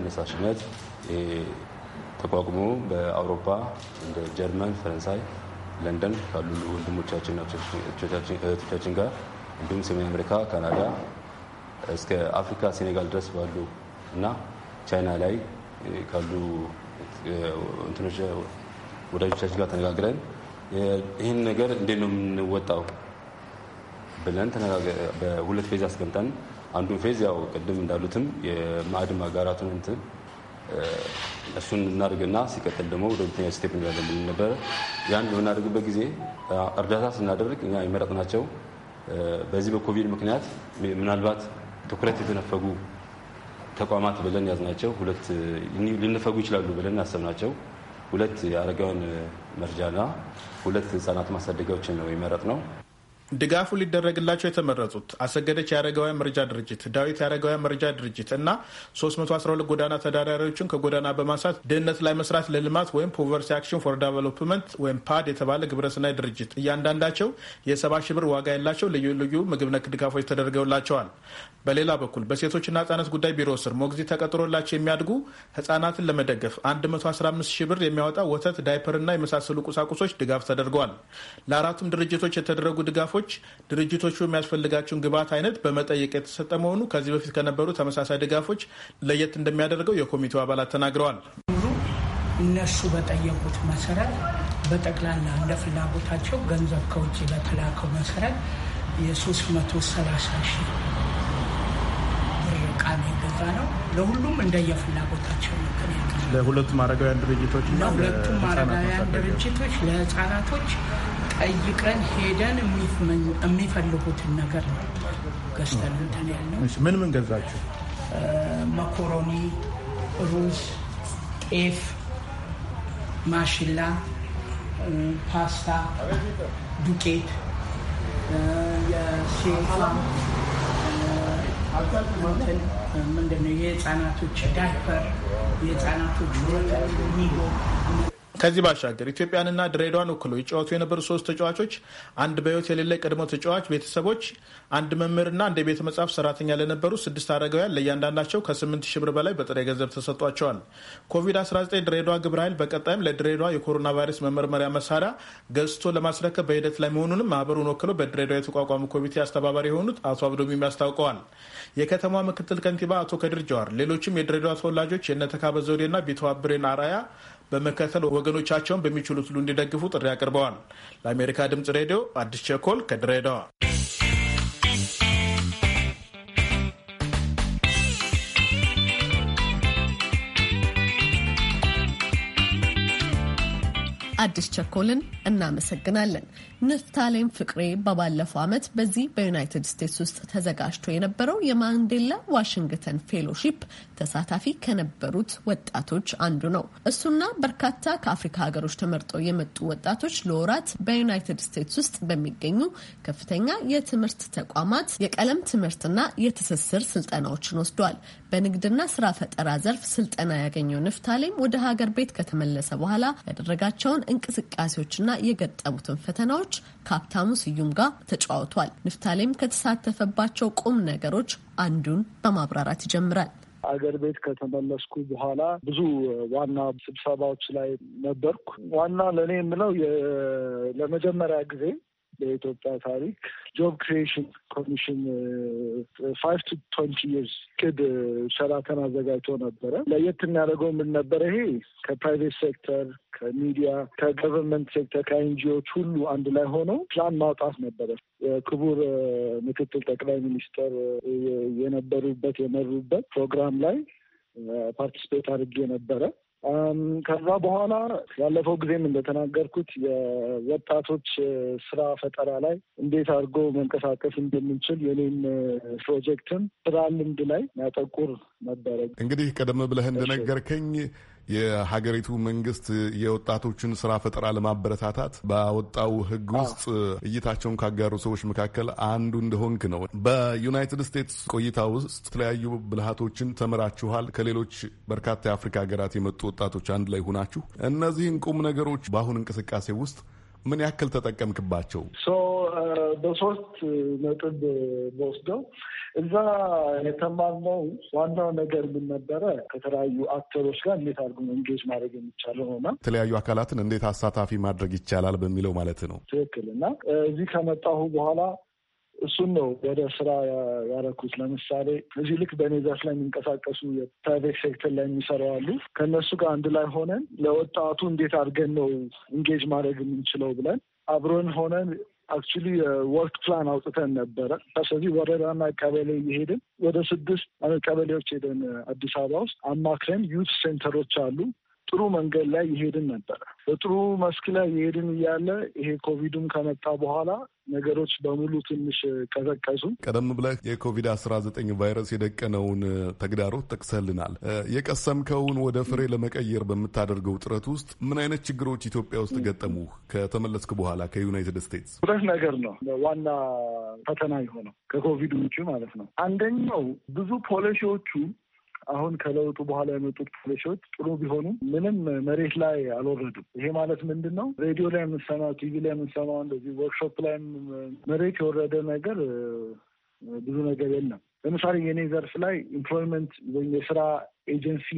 አነሳሽነት ተቋቁሞ በአውሮፓ እንደ ጀርመን፣ ፈረንሳይ፣ ለንደን ካሉ ወንድሞቻችንና እህቶቻችን ጋር እንዲሁም ሰሜን አሜሪካ፣ ካናዳ እስከ አፍሪካ ሴኔጋል ድረስ ባሉ እና ቻይና ላይ ካሉ እንትኖች ወዳጆቻችን ጋር ተነጋግረን ይህን ነገር እንዴት ነው የምንወጣው ብለን በሁለት ፌዝ አስቀምጠን አንዱን ፌዝ ያው ቅድም እንዳሉትም የማዕድን ማጋራቱን እንትን እሱን እናደርግና ሲቀጥል ደግሞ ወደ ሁለተኛ ስቴፕ እንላለን ነበረ። ያን በምናደርግበት ጊዜ እርዳታ ስናደርግ እኛ ናቸው። በዚህ በኮቪድ ምክንያት ምናልባት ትኩረት የተነፈጉ ተቋማት ብለን ያዝናቸው ሁለት ሊነፈጉ ይችላሉ ብለን ያሰብናቸው ሁለት የአረጋውያን መርጃና ሁለት ህጻናት ማሳደጊያዎችን ነው የመረጥ ነው። ድጋፉ ሊደረግላቸው የተመረጡት አሰገደች የአረጋውያን መርጃ ድርጅት፣ ዳዊት የአረጋውያን መርጃ ድርጅት እና 312 ጎዳና ተዳዳሪዎችን ከጎዳና በማንሳት ድህነት ላይ መስራት ለልማት ወይም ፖቨርሲ አክሽን ፎር ዳቨሎፕመንት ወይም ፓድ የተባለ ግብረስናይ ድርጅት እያንዳንዳቸው የሰባ ሺህ ብር ዋጋ ያላቸው ልዩ ልዩ ምግብ ነክ ድጋፎች ተደርገውላቸዋል። በሌላ በኩል በሴቶችና ህጻናት ጉዳይ ቢሮ ስር ሞግዚ ተቀጥሮላቸው የሚያድጉ ህጻናትን ለመደገፍ 115 ሺህ ብር የሚያወጣ ወተት፣ ዳይፐርና የመሳሰሉ ቁሳቁሶች ድጋፍ ተደርገዋል። ለአራቱም ድርጅቶች የተደረጉ ድጋፎች ባንኮች፣ ድርጅቶቹ የሚያስፈልጋቸውን ግብዓት አይነት በመጠየቅ የተሰጠ መሆኑ ከዚህ በፊት ከነበሩ ተመሳሳይ ድጋፎች ለየት እንደሚያደርገው የኮሚቴው አባላት ተናግረዋል። እነሱ በጠየቁት መሰረት በጠቅላላ እንደ ፍላጎታቸው ገንዘብ ከውጭ በተላከው መሰረት የ330 ሺህ ብር ዕቃ የገዛ ነው። ለሁሉም እንደየፍላጎታቸው ምክንያት ለሁለቱም አረጋውያን ድርጅቶች ለሁለቱም አረጋውያን ድርጅቶች ለህፃናቶች ጠይቀን ሄደን የሚፈልጉትን ነገር ነው ገዝተን እንትን ያልነው። ምን ምን ገዛችሁ? መኮሮኒ፣ ሩዝ፣ ጤፍ፣ ማሽላ፣ ፓስታ፣ ዱቄት፣ የሴፋ ምንድነው የህፃናቶች ዳይፐር፣ የህፃናቶች ሚጎ ከዚህ ባሻገር ኢትዮጵያንና ድሬዳዋን ወክሎ ይጫወቱ የነበሩ ሶስት ተጫዋቾች፣ አንድ በህይወት የሌለ ቀድሞ ተጫዋች ቤተሰቦች፣ አንድ መምህርና አንድ የቤተ መጽሐፍ ሰራተኛ ለነበሩ ስድስት አረጋውያን ለእያንዳንዳቸው ከ8 ሺ ብር በላይ በጥሬ ገንዘብ ተሰጥቷቸዋል። ኮቪድ-19 ድሬዳዋ ግብረ ኃይል በቀጣይም ለድሬዳዋ የኮሮና ቫይረስ መመርመሪያ መሳሪያ ገዝቶ ለማስረከብ በሂደት ላይ መሆኑንም ማህበሩን ወክሎ በድሬዳዋ የተቋቋሙ ኮሚቴ አስተባባሪ የሆኑት አቶ አብዶሚም ያስታውቀዋል። የከተማ ምክትል ከንቲባ አቶ ከድር ጀዋር፣ ሌሎችም የድሬዳዋ ተወላጆች የነተካበ ዘውዴና ቢተዋብሬን አራያ በመከተል ወገኖቻቸውን በሚችሉት ሁሉ እንዲደግፉ ጥሪ አቅርበዋል። ለአሜሪካ ድምጽ ሬዲዮ አዲስ ቸኮል ከድሬዳዋ። አዲስ ቸኮልን እናመሰግናለን። ንፍታሌም ፍቅሬ በባለፈው ዓመት በዚህ በዩናይትድ ስቴትስ ውስጥ ተዘጋጅቶ የነበረው የማንዴላ ዋሽንግተን ፌሎሺፕ ተሳታፊ ከነበሩት ወጣቶች አንዱ ነው። እሱና በርካታ ከአፍሪካ ሀገሮች ተመርጠው የመጡ ወጣቶች ለወራት በዩናይትድ ስቴትስ ውስጥ በሚገኙ ከፍተኛ የትምህርት ተቋማት የቀለም ትምህርትና የትስስር ስልጠናዎችን ወስደዋል። በንግድና ስራ ፈጠራ ዘርፍ ስልጠና ያገኘው ንፍታሌም ወደ ሀገር ቤት ከተመለሰ በኋላ ያደረጋቸውን እንቅስቃሴዎችና የገጠሙትን ፈተናዎች ከሀብታሙ ስዩም ጋር ተጫውቷል። ንፍታሌም ከተሳተፈባቸው ቁም ነገሮች አንዱን በማብራራት ይጀምራል። አገር ቤት ከተመለስኩ በኋላ ብዙ ዋና ስብሰባዎች ላይ ነበርኩ። ዋና ለእኔ የምለው ለመጀመሪያ ጊዜ በኢትዮጵያ ታሪክ ጆብ ክሪኤሽን ኮሚሽን ፋይቭ ቱ ትወንቲ ይርስ ቅድ ሰራተን አዘጋጅቶ ነበረ። ለየት የሚያደርገው ምን ነበረ? ይሄ ከፕራይቬት ሴክተር፣ ከሚዲያ፣ ከገቨርንመንት ሴክተር፣ ከኤንጂኦች ሁሉ አንድ ላይ ሆኖ ፕላን ማውጣት ነበረ። ክቡር uh, ምክትል ጠቅላይ ሚኒስትር uh, የነበሩበት የመሩበት ፕሮግራም ላይ ፓርቲስፔት uh, አድርጌ ነበረ። ከዛ በኋላ ያለፈው ጊዜም እንደተናገርኩት የወጣቶች ስራ ፈጠራ ላይ እንዴት አድርጎ መንቀሳቀስ እንደምንችል የኔም ፕሮጀክትም ስራ ልምድ ላይ ያጠቁር ነበረ። እንግዲህ ቀደም ብለህ እንደነገርከኝ የሀገሪቱ መንግስት የወጣቶችን ስራ ፈጠራ ለማበረታታት ባወጣው ህግ ውስጥ እይታቸውን ካጋሩ ሰዎች መካከል አንዱ እንደሆንክ ነው። በዩናይትድ ስቴትስ ቆይታ ውስጥ የተለያዩ ብልሃቶችን ተምራችኋል። ከሌሎች በርካታ የአፍሪካ ሀገራት የመጡ ወጣቶች አንድ ላይ ሆናችሁ እነዚህን ቁም ነገሮች በአሁን እንቅስቃሴ ውስጥ ምን ያክል ተጠቀምክባቸው? በሶስት ነጥብ በወስደው እዛ የተማርነው ዋናው ነገር ምን ነበረ? ከተለያዩ አክተሮች ጋር እንዴት አድርጎ እንጌጅ ማድረግ የሚቻለው ሆና የተለያዩ አካላትን እንዴት አሳታፊ ማድረግ ይቻላል በሚለው ማለት ነው። ትክክል እና እዚህ ከመጣሁ በኋላ እሱን ነው ወደ ስራ ያረኩት። ለምሳሌ እዚህ ልክ በእኔ ዘርፍ ላይ የሚንቀሳቀሱ የፕራይቬት ሴክተር ላይ የሚሰሩ አሉ። ከእነሱ ጋር አንድ ላይ ሆነን ለወጣቱ እንዴት አድርገን ነው እንጌጅ ማድረግ የምንችለው ብለን አብሮን ሆነን አክቹሊ ወርክ ፕላን አውጥተን ነበረ። ስለዚህ ወረዳና ቀበሌ እየሄድን ወደ ስድስት ቀበሌዎች ሄደን አዲስ አበባ ውስጥ አማክረን ዩት ሴንተሮች አሉ ጥሩ መንገድ ላይ ይሄድን ነበረ። በጥሩ መስክ ላይ ይሄድን እያለ ይሄ ኮቪዱም ከመጣ በኋላ ነገሮች በሙሉ ትንሽ ቀዘቀዙ። ቀደም ብለህ የኮቪድ አስራ ዘጠኝ ቫይረስ የደቀነውን ተግዳሮት ጠቅሰልናል። የቀሰምከውን ወደ ፍሬ ለመቀየር በምታደርገው ጥረት ውስጥ ምን አይነት ችግሮች ኢትዮጵያ ውስጥ ገጠሙ? ከተመለስክ በኋላ ከዩናይትድ ስቴትስ ሁለት ነገር ነው ዋና ፈተና የሆነው ከኮቪድ ውጭ ማለት ነው። አንደኛው ብዙ ፖሊሲዎቹ አሁን ከለውጡ በኋላ የመጡት ፖሊሲዎች ጥሩ ቢሆኑም ምንም መሬት ላይ አልወረዱም። ይሄ ማለት ምንድን ነው? ሬዲዮ ላይ የምንሰማው ቲቪ ላይ የምንሰማው እንደዚህ ወርክሾፕ ላይ መሬት የወረደ ነገር ብዙ ነገር የለም። ለምሳሌ የኔ ዘርፍ ላይ ኢምፕሎይመንት ወይም የስራ ኤጀንሲ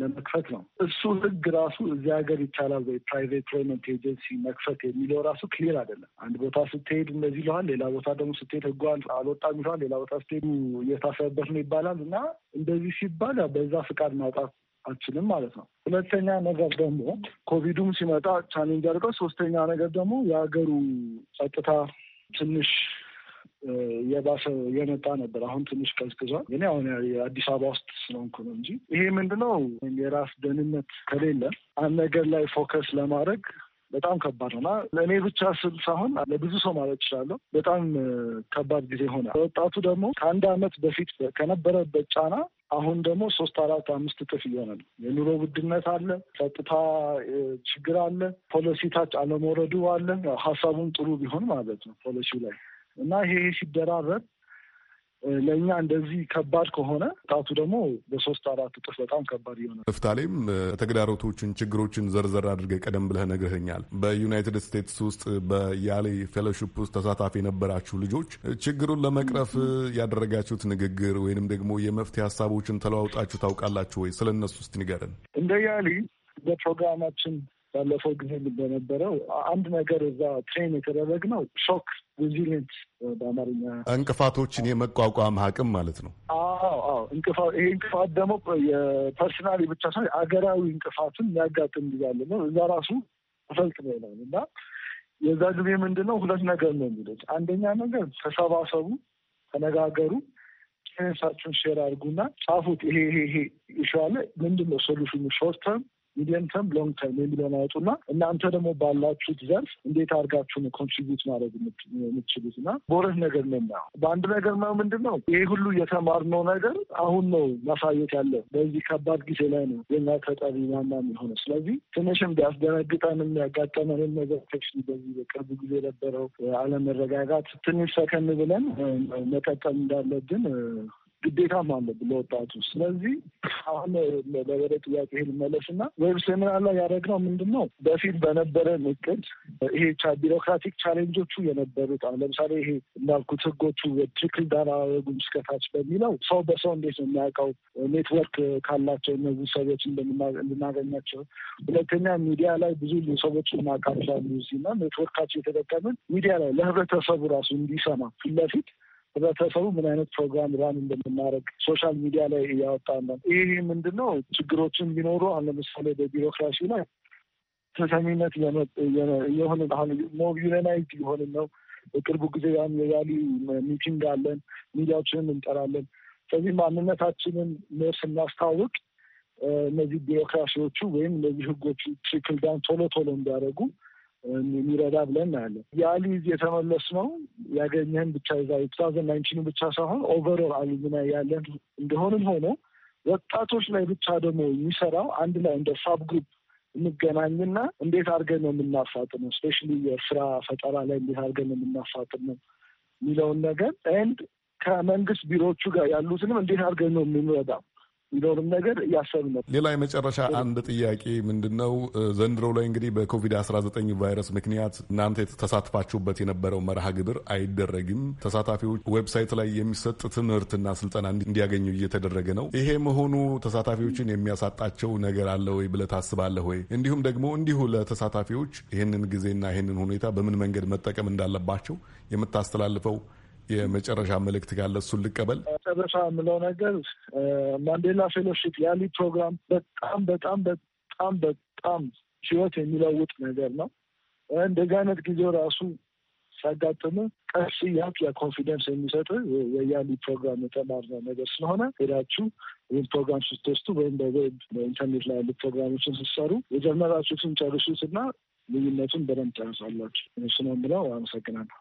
ለመክፈት ነው። እሱ ህግ ራሱ እዚህ ሀገር ይቻላል ወይ ፕራይቬት ኢምፕሎይመንት ኤጀንሲ መክፈት የሚለው ራሱ ክሊር አይደለም። አንድ ቦታ ስትሄድ እንደዚህ ይለዋል፣ ሌላ ቦታ ደግሞ ስትሄድ ህጉ አልወጣም ይለዋል፣ ሌላ ቦታ ስትሄዱ እየታሰበበት ነው ይባላል። እና እንደዚህ ሲባል በዛ ፍቃድ ማውጣት አችልም ማለት ነው። ሁለተኛ ነገር ደግሞ ኮቪዱም ሲመጣ ቻሌንጅ አድርገው፣ ሶስተኛ ነገር ደግሞ የሀገሩ ጸጥታ ትንሽ የባሰ የመጣ ነበር። አሁን ትንሽ ቀዝቅዟል። ግን አሁን የአዲስ አበባ ውስጥ ስለሆንኩ ነው እንጂ ይሄ ምንድነው የራስ ደህንነት ከሌለ አንድ ነገር ላይ ፎከስ ለማድረግ በጣም ከባድ ሆና ለእኔ ብቻ ስል ሳይሆን ለብዙ ሰው ማለት እችላለሁ። በጣም ከባድ ጊዜ ሆነ። ወጣቱ ደግሞ ከአንድ አመት በፊት ከነበረበት ጫና አሁን ደግሞ ሶስት አራት አምስት እጥፍ እየሆነ ነው። የኑሮ ውድነት አለ፣ ጸጥታ ችግር አለ፣ ፖሊሲ ታች አለመውረዱ አለ። ሀሳቡን ጥሩ ቢሆን ማለት ነው ፖሊሲው ላይ እና ይሄ ሲደራረብ ለእኛ እንደዚህ ከባድ ከሆነ ጣቱ ደግሞ በሶስት አራት እጥፍ በጣም ከባድ ይሆናል። ፍታሌም ተግዳሮቶችን፣ ችግሮችን ዘርዘር አድርገህ ቀደም ብለህ ነግርህኛል። በዩናይትድ ስቴትስ ውስጥ በያሌ ፌሎሺፕ ውስጥ ተሳታፊ የነበራችሁ ልጆች ችግሩን ለመቅረፍ ያደረጋችሁት ንግግር ወይንም ደግሞ የመፍትሄ ሀሳቦችን ተለዋውጣችሁ ታውቃላችሁ ወይ? ስለ እነሱ ውስጥ ንገረን። እንደ ያሌ በፕሮግራማችን ባለፈው ጊዜ በነበረው አንድ ነገር እዛ ትሬን የተደረግ ነው ሾክ ሬዚሊንት በአማርኛ እንቅፋቶችን የመቋቋም አቅም ማለት ነው። አዎ አዎ። እንቅፋት ይሄ እንቅፋት ደግሞ የፐርሰናሊ ብቻ ሳይሆን አገራዊ እንቅፋትን የሚያጋጥም ጊዛለ ነው። እዛ ራሱ ነው ይላል እና የዛ ጊዜ ምንድን ነው ሁለት ነገር ነው የሚሉት። አንደኛ ነገር ተሰባሰቡ፣ ተነጋገሩ ሳችሁን ሼር አድርጉና ጻፉት። ይሄ ይሄ ይሄ ይሻለ ምንድን ነው ሶሉሽኑ ሾርት ተርም ሚዲየም ተርም፣ ሎንግ ተርም የሚለውን ያወጡና እናንተ ደግሞ ባላችሁት ዘርፍ እንዴት አድርጋችሁ ነው ኮንትሪቢዩት ማድረግ የምችሉት እና በሁለት ነገር ነው የምናየው። በአንድ ነገር ነው ምንድን ነው ይህ ሁሉ የተማርነው ነገር አሁን ነው ማሳየት ያለው። በዚህ ከባድ ጊዜ ላይ ነው የኛ ተጠሪ ማና የሚሆነው። ስለዚህ ትንሽም ቢያስደነግጠንም የሚያጋጠመንን ነገር ቴክሽን በዚህ በቅርብ ጊዜ የነበረው አለመረጋጋት ትንሽ ሰከን ብለን መቀጠል እንዳለብን ግዴታም አለብን ለወጣቱ። ስለዚህ አሁን ለበደ ጥያቄ ልመለስ እና ዌብ ሴሚናር ላይ ያደረግነው ምንድን ነው በፊት በነበረን እቅድ ይሄ ቢሮክራቲክ ቻሌንጆቹ የነበሩት አሁን ለምሳሌ ይሄ እንዳልኩት ህጎቹ ትክክል ዳር አያደርጉም እስከታች በሚለው ሰው በሰው እንዴት ነው የሚያውቀው ኔትወርክ ካላቸው እነዚህ ሰዎች እንድናገኛቸው፣ ሁለተኛ ሚዲያ ላይ ብዙ ሰዎች እናውቃቸዋለን እና ኔትወርካቸው የተጠቀምን ሚዲያ ላይ ለህብረተሰቡ ራሱ እንዲሰማ ፊት ለፊት ህብረተሰቡ ምን አይነት ፕሮግራም ራን እንደምናደርግ ሶሻል ሚዲያ ላይ እያወጣ ነው። ይህ ምንድነው ችግሮችን ቢኖሩ አሁን ለምሳሌ በቢሮክራሲ ላይ ተሰሚነት የሆነ አሁን ሞር ዩናይት የሆንን ነው። በቅርቡ ጊዜ ያን የያሊ ሚቲንግ አለን፣ ሚዲያዎችንም እንጠራለን። ስለዚህ ማንነታችንን ሞር ስናስታውቅ እነዚህ ቢሮክራሲዎቹ ወይም እነዚህ ህጎቹ ትሪክል ዳውን ቶሎ ቶሎ እንዲያደርጉ የሚረዳ ብለን እናያለን። የአሊዝ የተመለስ ነው ያገኘህን ብቻ ዛ ቱታውዘንድ ናይንቲኑ ብቻ ሳይሆን ኦቨሮል አሉሚና ያለን እንደሆንም ሆኖ ወጣቶች ላይ ብቻ ደግሞ የሚሰራው አንድ ላይ እንደ ሳብ ግሩፕ እንገናኝና እንዴት አድርገን ነው የምናፋጥነው፣ ስፔሻሊ የስራ ፈጠራ ላይ እንዴት አድርገን ነው የምናፋጥነው የሚለውን ነገር ኤንድ ከመንግስት ቢሮዎቹ ጋር ያሉትንም እንዴት አድርገን ነው የምንረዳው እንደሆንም ነገር እያሰብ ነው። ሌላ የመጨረሻ አንድ ጥያቄ ምንድን ነው፣ ዘንድሮ ላይ እንግዲህ በኮቪድ አስራ ዘጠኝ ቫይረስ ምክንያት እናንተ የተሳትፋችሁበት የነበረው መርሃ ግብር አይደረግም። ተሳታፊዎች ዌብሳይት ላይ የሚሰጥ ትምህርትና ስልጠና እንዲያገኙ እየተደረገ ነው። ይሄ መሆኑ ተሳታፊዎችን የሚያሳጣቸው ነገር አለ ወይ ብለህ ታስባለህ ወይ? እንዲሁም ደግሞ እንዲሁ ለተሳታፊዎች ይህንን ጊዜና ይህንን ሁኔታ በምን መንገድ መጠቀም እንዳለባቸው የምታስተላልፈው የመጨረሻ መልእክት ካለ እሱን ልቀበል። መጨረሻ የምለው ነገር ማንዴላ ፌሎሺፕ ያሊ ፕሮግራም በጣም በጣም በጣም በጣም ህይወት የሚለውጥ ነገር ነው። እንደዚህ አይነት ጊዜው ራሱ ሲያጋጥም ቀስ እያልክ የኮንፊደንስ የሚሰጥ የያሊ ፕሮግራም የተማርነው ነገር ስለሆነ ሄዳችሁ ይህን ፕሮግራም ስትወስዱ ወይም በዌብ በኢንተርኔት ላይ ያሉ ፕሮግራሞችን ስትሰሩ የጀመራችሁትን ጨርሱት እና ልዩነቱን በደንብ ጨርሳላችሁ። እሱን ብለው አመሰግናለሁ።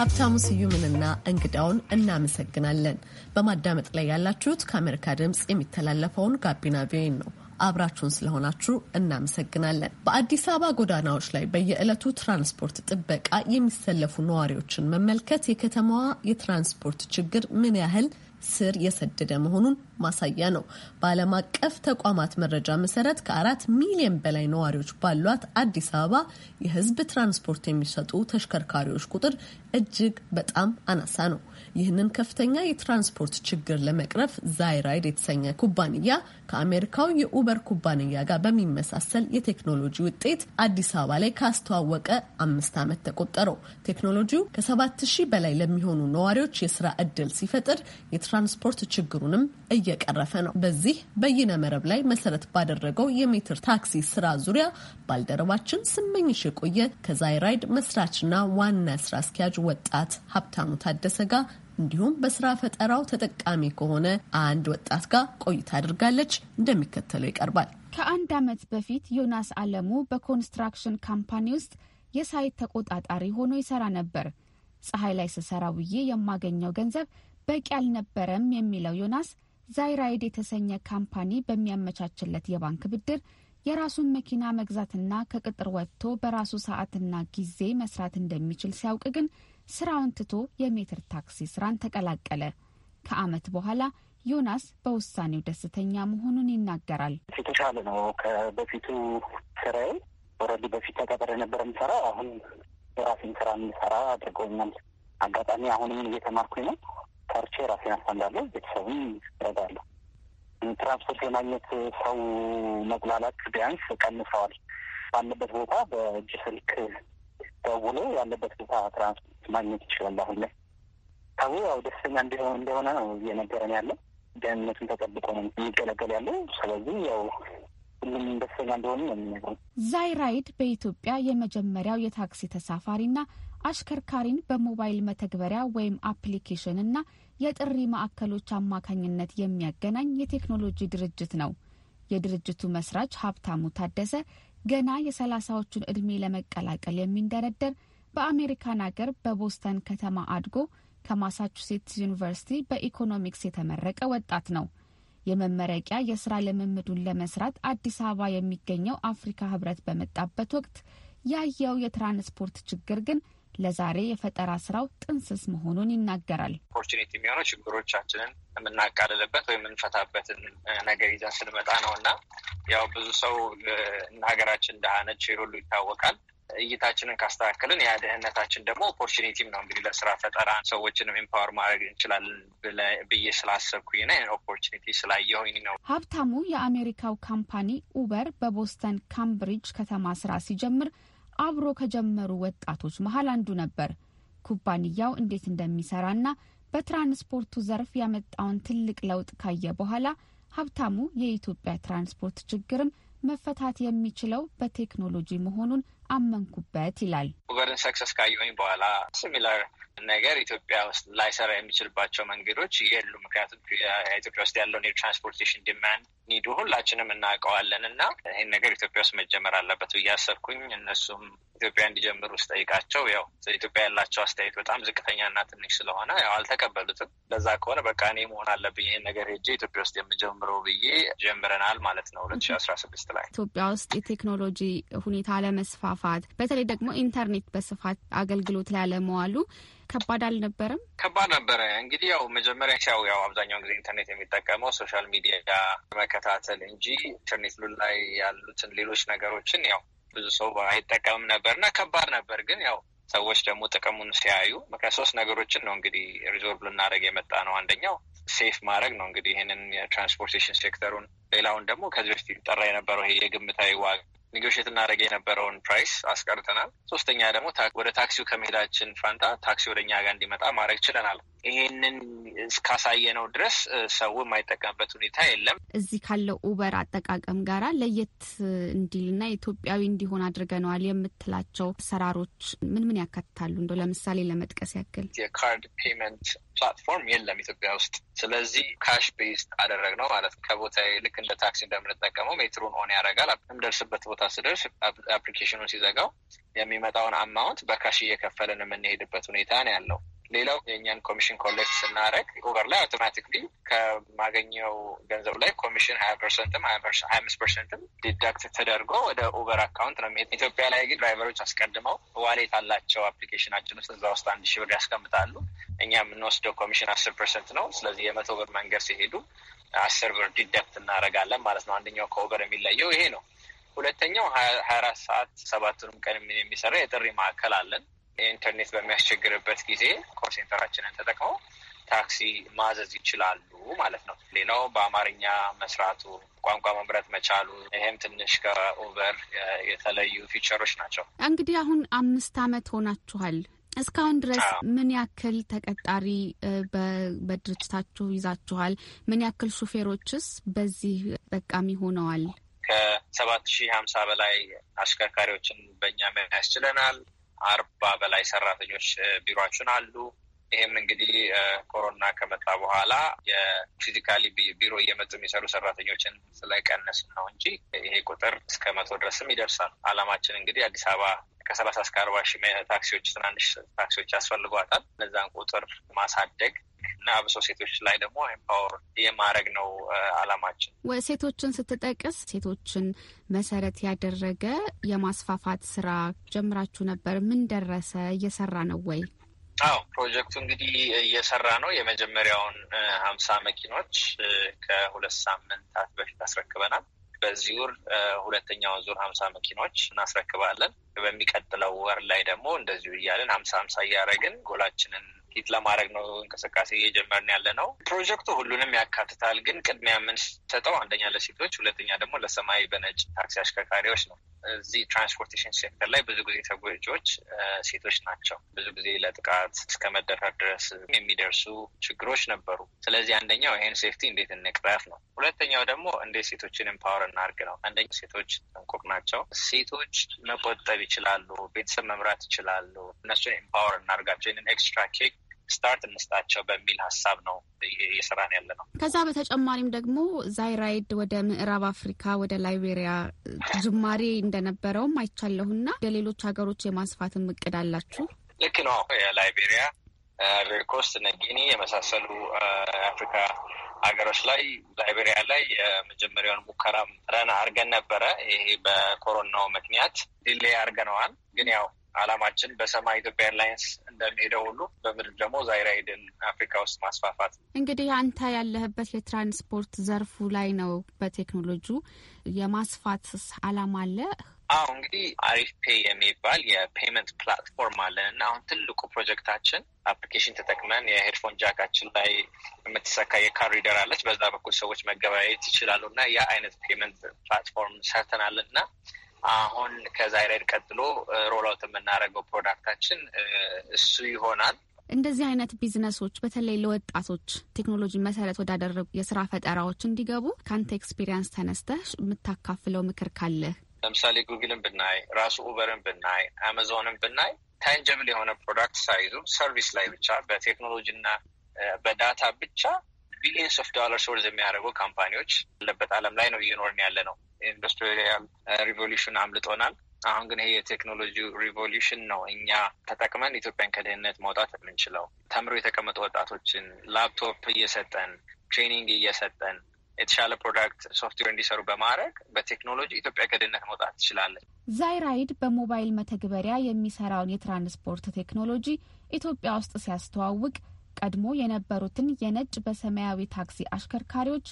ሀብታሙ ስዩምንና እንግዳውን እናመሰግናለን። በማዳመጥ ላይ ያላችሁት ከአሜሪካ ድምፅ የሚተላለፈውን ጋቢና ቪኦኤ ነው። አብራችሁን ስለሆናችሁ እናመሰግናለን። በአዲስ አበባ ጎዳናዎች ላይ በየዕለቱ ትራንስፖርት ጥበቃ የሚሰለፉ ነዋሪዎችን መመልከት የከተማዋ የትራንስፖርት ችግር ምን ያህል ስር የሰደደ መሆኑን ማሳያ ነው። በዓለም አቀፍ ተቋማት መረጃ መሰረት ከአራት ሚሊዮን በላይ ነዋሪዎች ባሏት አዲስ አበባ የህዝብ ትራንስፖርት የሚሰጡ ተሽከርካሪዎች ቁጥር እጅግ በጣም አናሳ ነው። ይህንን ከፍተኛ የትራንስፖርት ችግር ለመቅረፍ ዛይራይድ የተሰኘ ኩባንያ ከአሜሪካው የኡበር ኩባንያ ጋር በሚመሳሰል የቴክኖሎጂ ውጤት አዲስ አበባ ላይ ካስተዋወቀ አምስት ዓመት ተቆጠረው። ቴክኖሎጂው ከሰባት ሺህ በላይ ለሚሆኑ ነዋሪዎች የስራ እድል ሲፈጥር የትራንስፖርት ችግሩንም እየቀረፈ ነው። በዚህ በይነ መረብ ላይ መሰረት ባደረገው የሜትር ታክሲ ስራ ዙሪያ ባልደረባችን ስመኝሽ የቆየ ከዛይራይድ መስራችና ዋና ስራ አስኪያጅ ወጣት ሀብታሙ ታደሰ ጋር እንዲሁም በስራ ፈጠራው ተጠቃሚ ከሆነ አንድ ወጣት ጋር ቆይታ አድርጋለች። እንደሚከተለው ይቀርባል። ከአንድ ዓመት በፊት ዮናስ አለሙ በኮንስትራክሽን ካምፓኒ ውስጥ የሳይት ተቆጣጣሪ ሆኖ ይሰራ ነበር። ፀሐይ ላይ ስሰራ ውዬ የማገኘው ገንዘብ በቂ አልነበረም የሚለው ዮናስ ዛይራይድ የተሰኘ ካምፓኒ በሚያመቻችለት የባንክ ብድር የራሱን መኪና መግዛትና ከቅጥር ወጥቶ በራሱ ሰዓትና ጊዜ መስራት እንደሚችል ሲያውቅ ግን ስራውን ትቶ የሜትር ታክሲ ስራን ተቀላቀለ። ከአመት በኋላ ዮናስ በውሳኔው ደስተኛ መሆኑን ይናገራል። የተሻለ ነው ከበፊቱ ስራዬ። ኦልሬዲ በፊት ተቀጥሬ የነበረ የምሰራ። አሁን የራሴን ስራ የምሰራ አድርገውኛል። አጋጣሚ አሁንም እየተማርኩኝ ነው። ተርቼ ራሴን አስተምራለሁ፣ ቤተሰብም እረዳለሁ። ትራንስፖርት የማግኘት ሰው መጉላላት ቢያንስ ቀንሰዋል። ባለበት ቦታ በእጅ ስልክ ደውሎ ያለበት ቦታ ትራንስፖርት ማግኘት ይችላል። አሁን ላይ ሰው ያው ደስተኛ እንደሆነ ነው እየነገረን ያለው። ደህንነቱን ተጠብቆ ነው የሚገለገል ያለው። ስለዚህ ያው ዛይራይድ በኢትዮጵያ የመጀመሪያው የታክሲ ተሳፋሪና አሽከርካሪን በሞባይል መተግበሪያ ወይም አፕሊኬሽን እና የጥሪ ማዕከሎች አማካኝነት የሚያገናኝ የቴክኖሎጂ ድርጅት ነው። የድርጅቱ መስራች ሀብታሙ ታደሰ ገና የሰላሳዎቹን እድሜ ለመቀላቀል የሚንደረደር በአሜሪካን ሀገር በቦስተን ከተማ አድጎ ከማሳቹሴትስ ዩኒቨርሲቲ በኢኮኖሚክስ የተመረቀ ወጣት ነው። የመመረቂያ የስራ ልምምዱን ለመስራት አዲስ አበባ የሚገኘው አፍሪካ ህብረት በመጣበት ወቅት ያየው የትራንስፖርት ችግር ግን ለዛሬ የፈጠራ ስራው ጥንስስ መሆኑን ይናገራል። ኦፖርቹኒቲ የሚሆነው ችግሮቻችንን የምናቃልልበት ወይም የምንፈታበትን ነገር ይዘን ስንመጣ ነው እና ያው ብዙ ሰው እና ሀገራችን ደሃ ነች ሁሉ ይታወቃል። እይታችንን ካስተካከልን ያ ደህንነታችን ደግሞ ኦፖርቹኒቲም ነው እንግዲህ ለስራ ፈጠራ ሰዎችንም ኢምፓወር ማድረግ እንችላለን ብዬ ስላሰብኩኝ ነ ኦፖርቹኒቲ ስላየሁኝ ነው። ሀብታሙ የአሜሪካው ካምፓኒ ኡበር በቦስተን ካምብሪጅ ከተማ ስራ ሲጀምር አብሮ ከጀመሩ ወጣቶች መሀል አንዱ ነበር። ኩባንያው እንዴት እንደሚሰራና በትራንስፖርቱ ዘርፍ ያመጣውን ትልቅ ለውጥ ካየ በኋላ ሀብታሙ የኢትዮጵያ ትራንስፖርት ችግርም መፈታት የሚችለው በቴክኖሎጂ መሆኑን አመንኩበት ይላል። ጉቨርን ሰክሰስ ካየሁኝ በኋላ ሲሚላር ነገር ኢትዮጵያ ውስጥ ላይሰራ የሚችልባቸው መንገዶች የሉ። ምክንያቱም ኢትዮጵያ ውስጥ ያለውን የትራንስፖርቴሽን ዲማንድ ኒዱ ሁላችንም እናውቀዋለን እና ይህን ነገር ኢትዮጵያ ውስጥ መጀመር አለበት ብዬ አሰብኩኝ። እነሱም ኢትዮጵያ እንዲጀምሩ ስጠይቃቸው ያው ኢትዮጵያ ያላቸው አስተያየት በጣም ዝቅተኛ እና ትንሽ ስለሆነ ያው አልተቀበሉትም። ለዛ ከሆነ በቃ እኔ መሆን አለብኝ ይህን ነገር ሄጄ ኢትዮጵያ ውስጥ የምጀምረው ብዬ ጀምረናል ማለት ነው ሁለት ሺ አስራ ስድስት ላይ ኢትዮጵያ ውስጥ የቴክኖሎጂ ሁኔታ አለመስፋፋት፣ በተለይ ደግሞ ኢንተርኔት በስፋት አገልግሎት ላይ አለመዋሉ ከባድ አልነበረም? ከባድ ነበረ። እንግዲህ ያው መጀመሪያ ሲያው ያው አብዛኛውን ጊዜ ኢንተርኔት የሚጠቀመው ሶሻል ሚዲያ መከታተል እንጂ ኢንተርኔት ላይ ያሉትን ሌሎች ነገሮችን ያው ብዙ ሰው አይጠቀምም ነበር እና ከባድ ነበር። ግን ያው ሰዎች ደግሞ ጥቅሙን ሲያዩ ከሶስት ነገሮችን ነው እንግዲህ ሪዞርቭ ልናደርግ የመጣ ነው። አንደኛው ሴፍ ማድረግ ነው እንግዲህ ይህንን የትራንስፖርቴሽን ሴክተሩን፣ ሌላውን ደግሞ ከዚህ በፊት ይጠራ የነበረው ይሄ የግምታዊ ዋጋ ኔጎሽት እናደረገ የነበረውን ፕራይስ አስቀርተናል። ሶስተኛ ደግሞ ወደ ታክሲው ከመሄዳችን ፋንታ ታክሲ ወደ እኛ ጋር እንዲመጣ ማድረግ ችለናል። ይሄንን እስካሳየነው ድረስ ሰው የማይጠቀምበት ሁኔታ የለም። እዚህ ካለው ኡበር አጠቃቀም ጋራ ለየት እንዲልና ኢትዮጵያዊ እንዲሆን አድርገነዋል የምትላቸው አሰራሮች ምን ምን ያካትታሉ? እንደ ለምሳሌ ለመጥቀስ ያክል የካርድ ፔመንት ፕላትፎርም የለም ኢትዮጵያ ውስጥ። ስለዚህ ካሽ ቤዝ አደረግነው ማለት ነው። ከቦታ ልክ እንደ ታክሲ እንደምንጠቀመው ሜትሩን ኦን ያደርጋል። የምደርስበት ቦታ ስደርስ አፕሊኬሽኑን ሲዘጋው የሚመጣውን አማውንት በካሽ እየከፈልን የምንሄድበት ሁኔታ ነው ያለው። ሌላው የእኛን ኮሚሽን ኮሌክት ስናደረግ ኡበር ላይ አውቶማቲክሊ ከማገኘው ገንዘብ ላይ ኮሚሽን ሀያ ፐርሰንትም ሀያ አምስት ፐርሰንትም ዲዳክት ተደርጎ ወደ ኡበር አካውንት ነው የሚሄድ። ኢትዮጵያ ላይ ግን ድራይቨሮች አስቀድመው ዋሌት አላቸው አፕሊኬሽናችን ውስጥ እዛ ውስጥ አንድ ሺ ብር ያስቀምጣሉ። እኛ የምንወስደው ኮሚሽን አስር ፐርሰንት ነው። ስለዚህ የመቶ ብር መንገድ ሲሄዱ አስር ብር ዲደክት እናደርጋለን ማለት ነው። አንደኛው ከኡበር የሚለየው ይሄ ነው። ሁለተኛው ሀያ አራት ሰዓት ሰባቱንም ቀን የሚሰራ የጥሪ ማዕከል አለን። ኢንተርኔት በሚያስቸግርበት ጊዜ ኮል ሴንተራችንን ተጠቅመው ታክሲ ማዘዝ ይችላሉ ማለት ነው። ሌላው በአማርኛ መስራቱ፣ ቋንቋ መምረጥ መቻሉ ይህም ትንሽ ከኡበር የተለዩ ፊቸሮች ናቸው። እንግዲህ አሁን አምስት ዓመት ሆናችኋል። እስካሁን ድረስ ምን ያክል ተቀጣሪ በድርጅታችሁ ይዛችኋል? ምን ያክል ሹፌሮችስ በዚህ ጠቃሚ ሆነዋል? ከሰባት ሺህ ሀምሳ በላይ አሽከርካሪዎችን በእኛ ያስችለናል? አርባ በላይ ሰራተኞች ቢሮችን አሉ። ይህም እንግዲህ ኮሮና ከመጣ በኋላ የፊዚካሊ ቢሮ እየመጡ የሚሰሩ ሰራተኞችን ስለቀነስ ነው እንጂ ይሄ ቁጥር እስከ መቶ ድረስም ይደርሳል። አላማችን እንግዲህ አዲስ አበባ ከሰላሳ እስከ አርባ ሺ ታክሲዎች ትናንሽ ታክሲዎች ያስፈልጓታል። እነዛን ቁጥር ማሳደግ እና ብሶ ሴቶች ላይ ደግሞ ኤምፓወር የማድረግ ነው አላማችን። ሴቶችን ስትጠቅስ ሴቶችን መሰረት ያደረገ የማስፋፋት ስራ ጀምራችሁ ነበር። ምን ደረሰ? እየሰራ ነው ወይ? አዎ ፕሮጀክቱ እንግዲህ እየሰራ ነው። የመጀመሪያውን ሀምሳ መኪኖች ከሁለት ሳምንታት በፊት አስረክበናል። በዚህ ወር ሁለተኛውን ዙር ሀምሳ መኪኖች እናስረክባለን። በሚቀጥለው ወር ላይ ደግሞ እንደዚሁ እያለን ሀምሳ ሀምሳ እያደረግን ጎላችንን ፊት ለማድረግ ነው እንቅስቃሴ እየጀመርን ያለ ነው። ፕሮጀክቱ ሁሉንም ያካትታል፣ ግን ቅድሚያ የምንሰጠው አንደኛ ለሴቶች፣ ሁለተኛ ደግሞ ለሰማይ በነጭ ታክሲ አሽከርካሪዎች ነው። እዚህ ትራንስፖርቴሽን ሴክተር ላይ ብዙ ጊዜ ተጎጂዎች ሴቶች ናቸው። ብዙ ጊዜ ለጥቃት እስከ መደፈር ድረስ የሚደርሱ ችግሮች ነበሩ። ስለዚህ አንደኛው ይህን ሴፍቲ እንዴት እንቅረፍ ነው። ሁለተኛው ደግሞ እንዴት ሴቶችን ኤምፓወር እናርግ ነው። አንደኛ ሴቶች ጥንቁቅ ናቸው። ሴቶች መቆጠብ ይችላሉ፣ ቤተሰብ መምራት ይችላሉ። እነሱን ኤምፓወር እናርጋቸው። ይህንን ኤክስትራ ኬክ ስታርት እንስጣቸው በሚል ሀሳብ ነው እየሰራን ያለ ነው። ከዛ በተጨማሪም ደግሞ ዛይራይድ ወደ ምዕራብ አፍሪካ ወደ ላይቤሪያ ጅማሬ እንደነበረውም አይቻለሁና ወደ ሌሎች ሀገሮች የማስፋትም እቅድ አላችሁ? ልክ ነው። የላይቤሪያ ቬርኮስት፣ ነጊኒ የመሳሰሉ አፍሪካ ሀገሮች ላይ ላይቤሪያ ላይ የመጀመሪያውን ሙከራ ረና አድርገን ነበረ። ይሄ በኮሮናው ምክንያት ዲሌይ አድርገነዋል። ግን ያው አላማችን በሰማይ ኢትዮጵያ ኤርላይንስ እንደሚሄደው ሁሉ በምድር ደግሞ ዛይራይድን አፍሪካ ውስጥ ማስፋፋት። እንግዲህ አንተ ያለህበት የትራንስፖርት ዘርፉ ላይ ነው። በቴክኖሎጂ የማስፋት አላማ አለ። አሁ እንግዲህ አሪፍ ፔይ የሚባል የፔመንት ፕላትፎርም አለን እና አሁን ትልቁ ፕሮጀክታችን አፕሊኬሽን ተጠቅመን የሄድፎን ጃካችን ላይ የምትሰካ የካር ሪደር አለች። በዛ በኩል ሰዎች መገበያየት ይችላሉ እና ያ አይነት ፔመንት ፕላትፎርም ሰርተናል እና አሁን ከዛይሬድ ቀጥሎ ሮላውት የምናደርገው ፕሮዳክታችን እሱ ይሆናል። እንደዚህ አይነት ቢዝነሶች በተለይ ለወጣቶች ቴክኖሎጂ መሰረት ወዳደረጉ የስራ ፈጠራዎች እንዲገቡ ከአንተ ኤክስፒሪየንስ ተነስተህ የምታካፍለው ምክር ካለህ? ለምሳሌ ጉግልን ብናይ፣ ራሱ ኡበርን ብናይ፣ አማዞንን ብናይ ታንጀብል የሆነ ፕሮዳክት ሳይዙ ሰርቪስ ላይ ብቻ በቴክኖሎጂና በዳታ ብቻ ቢሊየንስ ኦፍ ዶላርስ ወርዝ የሚያደርጉ ካምፓኒዎች ያለበት ዓለም ላይ ነው እየኖርን ያለ ነው። ኢንዱስትሪያል ሪቮሉሽን አምልጦናል። አሁን ግን ይሄ የቴክኖሎጂ ሪቮሉሽን ነው እኛ ተጠቅመን ኢትዮጵያን ከድህነት መውጣት የምንችለው። ተምሮ የተቀመጡ ወጣቶችን ላፕቶፕ እየሰጠን ትሬኒንግ እየሰጠን የተሻለ ፕሮዳክት ሶፍትዌር እንዲሰሩ በማድረግ በቴክኖሎጂ ኢትዮጵያ ከድህነት መውጣት ትችላለን። ዛይራይድ በሞባይል መተግበሪያ የሚሰራውን የትራንስፖርት ቴክኖሎጂ ኢትዮጵያ ውስጥ ሲያስተዋውቅ ቀድሞ የነበሩትን የነጭ በሰማያዊ ታክሲ አሽከርካሪዎች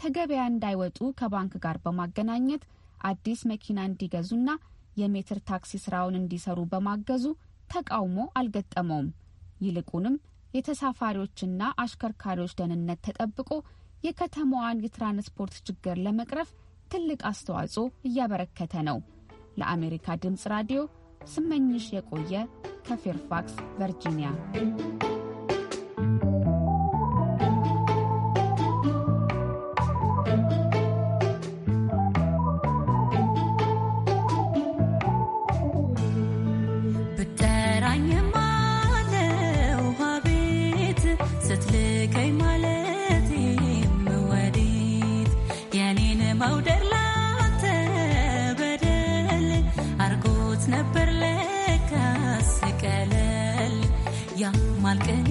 ከገበያ እንዳይወጡ ከባንክ ጋር በማገናኘት አዲስ መኪና እንዲገዙና የሜትር ታክሲ ስራውን እንዲሰሩ በማገዙ ተቃውሞ አልገጠመውም። ይልቁንም የተሳፋሪዎችና አሽከርካሪዎች ደህንነት ተጠብቆ የከተማዋን የትራንስፖርት ችግር ለመቅረፍ ትልቅ አስተዋጽኦ እያበረከተ ነው። ለአሜሪካ ድምፅ ራዲዮ ስመኝሽ የቆየ ከፌርፋክስ ቨርጂኒያ ነበር ለካስ ቀለል ያማልቀን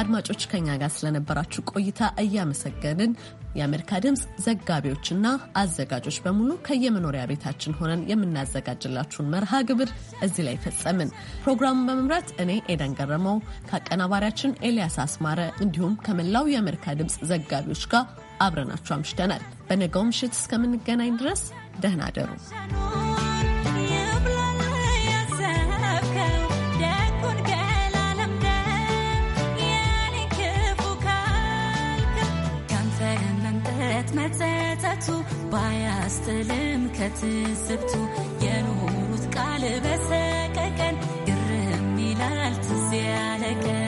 አድማጮች ከኛ ጋር ስለነበራችሁ ቆይታ እያመሰገንን የአሜሪካ ድምፅ ዘጋቢዎችና አዘጋጆች በሙሉ ከየመኖሪያ ቤታችን ሆነን የምናዘጋጅላችሁን መርሃ ግብር እዚህ ላይ ፈጸምን። ፕሮግራሙን በመምራት እኔ ኤደን ገረመው ከአቀናባሪያችን ኤልያስ አስማረ እንዲሁም ከመላው የአሜሪካ ድምፅ ዘጋቢዎች ጋር አብረናችሁ አምሽተናል። በነገው ምሽት እስከምንገናኝ ድረስ ደህና አደሩ። መጸጸቱ ባያስጥልም ከትስብቱ የኖሩት ቃል በሰቀቀን ግርም ይላል ትዝ